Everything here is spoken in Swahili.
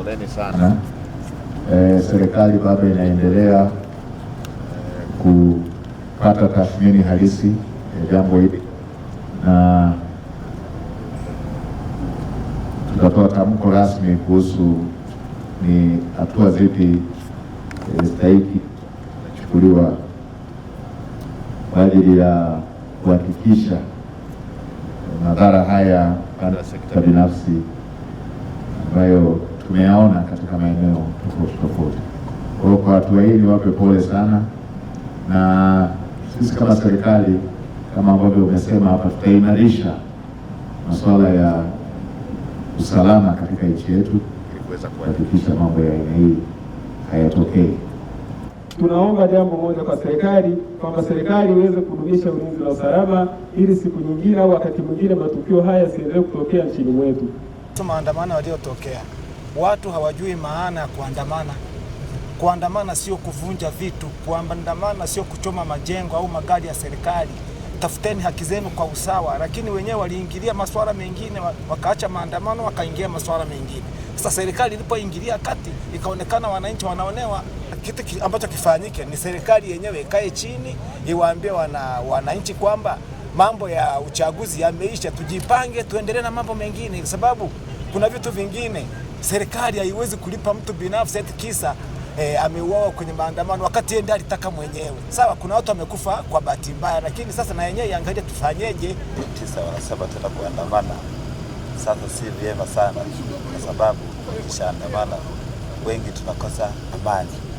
poleni sana. E, serikali bado inaendelea kupata tathmini halisi ya jambo hili na tutatoa tamko rasmi kuhusu ni hatua zipi eh, stahiki kuchukuliwa kwa ajili ya kuhakikisha madhara haya katika sekta binafsi ambayo tumeyaona katika maeneo tofauti tofauti. Kwa hiyo kwa hatua hii niwape pole sana, na sisi kama serikali, kama ambavyo umesema hapa, tutaimarisha masuala ya usalama katika nchi yetu kuweza kuhakikisha mambo ya aina hii hayatokei. Tunaomba jambo moja kwa serikali kwamba serikali iweze kudumisha ulinzi na usalama ili siku nyingine au wakati mwingine matukio haya yasiendelee kutokea nchini mwetu. Maandamano yaliyotokea watu hawajui maana ya kuandamana. Kuandamana sio kuvunja vitu, kuandamana sio kuchoma majengo au magari ya serikali. Tafuteni haki zenu kwa usawa, lakini wenyewe waliingilia masuala mengine, wakaacha maandamano, wakaingia masuala mengine. Sasa serikali ilipoingilia kati, ikaonekana wananchi wanaonewa. Kitu ambacho kifanyike ni serikali yenyewe ikae chini, iwaambie wana wananchi kwamba mambo ya uchaguzi yameisha, tujipange, tuendelee na mambo mengine, kwa sababu kuna vitu vingine Serikali haiwezi kulipa mtu binafsi eti kisa E, ameuawa kwenye maandamano wakati yeye ndiye alitaka mwenyewe. Sawa, kuna watu wamekufa kwa bahati mbaya, lakini sasa na yenyewe iangalie tufanyeje. Tisa wanasema tena kuandamana sasa si vyema sana, kwa sababu ukishaandamana wengi tunakosa amani.